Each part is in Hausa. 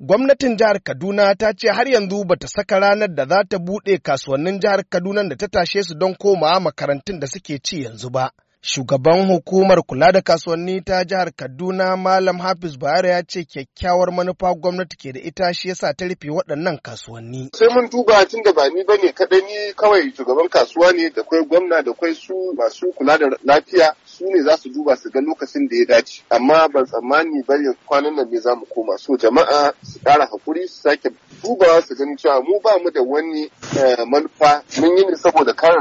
Gwamnatin jihar Kaduna ta ce har yanzu ba ta saka ranar da za ta buɗe kasuwannin jihar Kaduna da ta tashe su don komawa makarantun da suke ci yanzu ba. Shugaban hukumar kula da kasuwanni ta jihar Kaduna Malam Hafiz Bayero ya ce kyakkyawar manufa gwamnati ke da ita shi yasa ta rufe waɗannan kasuwanni. Sai mun duba tun da ba ni ba ne kaɗai ni kawai shugaban kasuwa ne da kwai gwamna da kwai su masu kula da lafiya su ne za su duba su ga lokacin da ya dace. Amma ban tsammani ba ne kwanan nan ne za mu koma so jama'a su ƙara hakuri su sake dubawa su gani cewa mu ba mu da wani eh, manufa mun yi ne saboda kare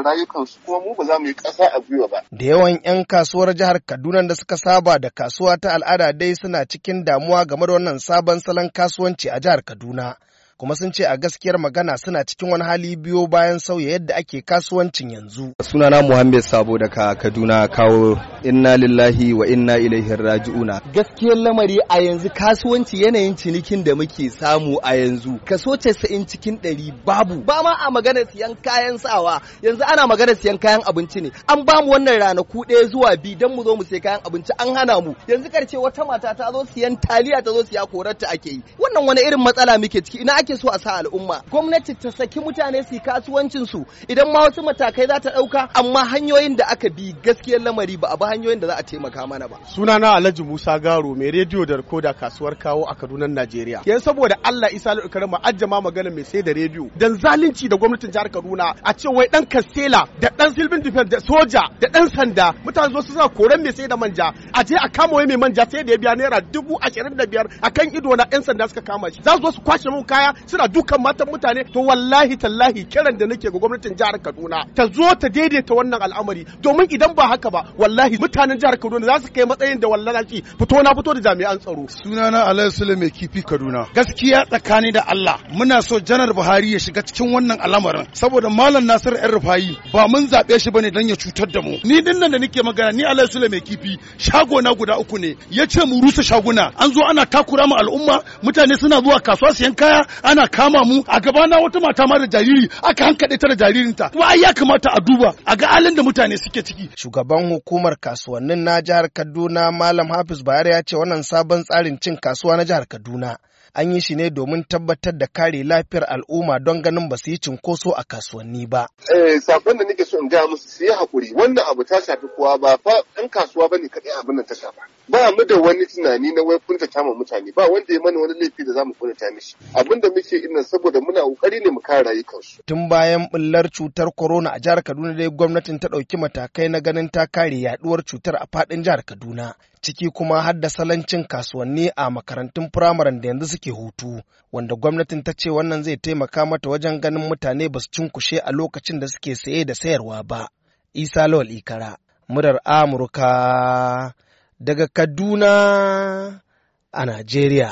su kuma mu ba za mu yi ƙasa a gwiwa ba. Da yawan 'yan kasuwar jihar Kaduna da suka saba da kasuwa ta al'ada dai suna cikin damuwa game da wannan sabon salon kasuwanci a jihar Kaduna. kuma sun ce a gaskiyar magana suna cikin wani hali biyo bayan sauya yadda ake kasuwancin yanzu. Sunana Muhammad Sabo daga Kaduna kawo inna lillahi wa inna ilaihi raji'una. Gaskiyar lamari a yanzu kasuwanci yanayin cinikin da muke samu a yanzu kaso casa'in cikin ɗari babu ba ma a magana siyan kayan sawa yanzu ana magana siyan kayan abinci ne an ba mu wannan ranaku ɗaya zuwa biyu don mu zo mu sai kayan abinci an hana mu yanzu karce wata mata ta zo siyan taliya ta zo siya korarta ake yi wannan wani irin matsala muke ciki ina ake so a sa al'umma gwamnati ta saki mutane su kasuwancin su idan ma wasu matakai za ta dauka amma hanyoyin da aka bi gaskiyar lamari ba a bi hanyoyin da za a taimaka mana ba sunana Alhaji Musa Garo mai rediyo da koda kasuwar kawo a Kaduna Najeriya yan saboda Allah Isa Alkarama ajjama magana mai sai da rediyo dan zalunci da gwamnatin jihar Kaduna a ce wai dan Kastela da dan Silvin Defense da soja da dan sanda mutane zo su sa koren mai sai da manja a je a kama wai mai manja sai da ya biya naira dubu ashirin da biyar akan ido na yan sanda suka kama shi za su zo su kwashe mun kaya suna dukan matan mutane to wallahi tallahi kiran da nake ga gwamnatin jihar Kaduna ta zo ta daidaita wannan al'amari domin idan ba haka ba wallahi mutanen jihar Kaduna za su kai matsayin da wallahi fito na fito da jami'an tsaro sunana Alhaji Sulaiman kifi Kaduna gaskiya tsakani da Allah muna so janar Buhari ya shiga cikin wannan al'amarin saboda malam Nasir ɗan Rufayi ba mun zaɓe shi bane dan ya cutar da mu ni din nan da nake magana ni Alhaji Sulaiman kifi shago na guda uku ne yace mu rusa shaguna an zo ana takura mu al'umma mutane suna zuwa kasuwa siyan kaya ana kama mu a gabana wata mata ma da jariri aka hankaɗe ta da jaririnta kuma ai ya kamata a duba a ga halin da mutane suke ciki shugaban hukumar kasuwannin na jihar Kaduna Malam Hafiz Bayar ya ce wannan sabon tsarin cin kasuwa na jihar Kaduna an yi shi ne domin tabbatar da kare lafiyar al'umma don ganin ba su yi cinkoso a kasuwanni ba. Eh, sakon da nake so in gaya musu su yi haƙuri wannan abu ta shafi kowa ba fa ɗan kasuwa ba ne kaɗai abin nan ta shafa. Ba mu da wani tunani na wai kunta ta mutane ba wanda ya mana wani laifi da za mu kunta ta mishi. Abin da muke ina saboda muna ƙoƙari ne mu kare rayukansu. Tun bayan ɓullar cutar corona a jihar Kaduna dai gwamnatin ta ɗauki matakai na ganin ta kare yaɗuwar cutar a faɗin jihar Kaduna. ciki kuma har da salancin kasuwanni a makarantun firamaren da yanzu suke hutu wanda gwamnatin ta ce wannan zai taimaka mata wajen ganin mutane ba su cunkushe a lokacin da suke saye da sayarwa ba isa lawal ikara murar amurka daga kaduna a najeriya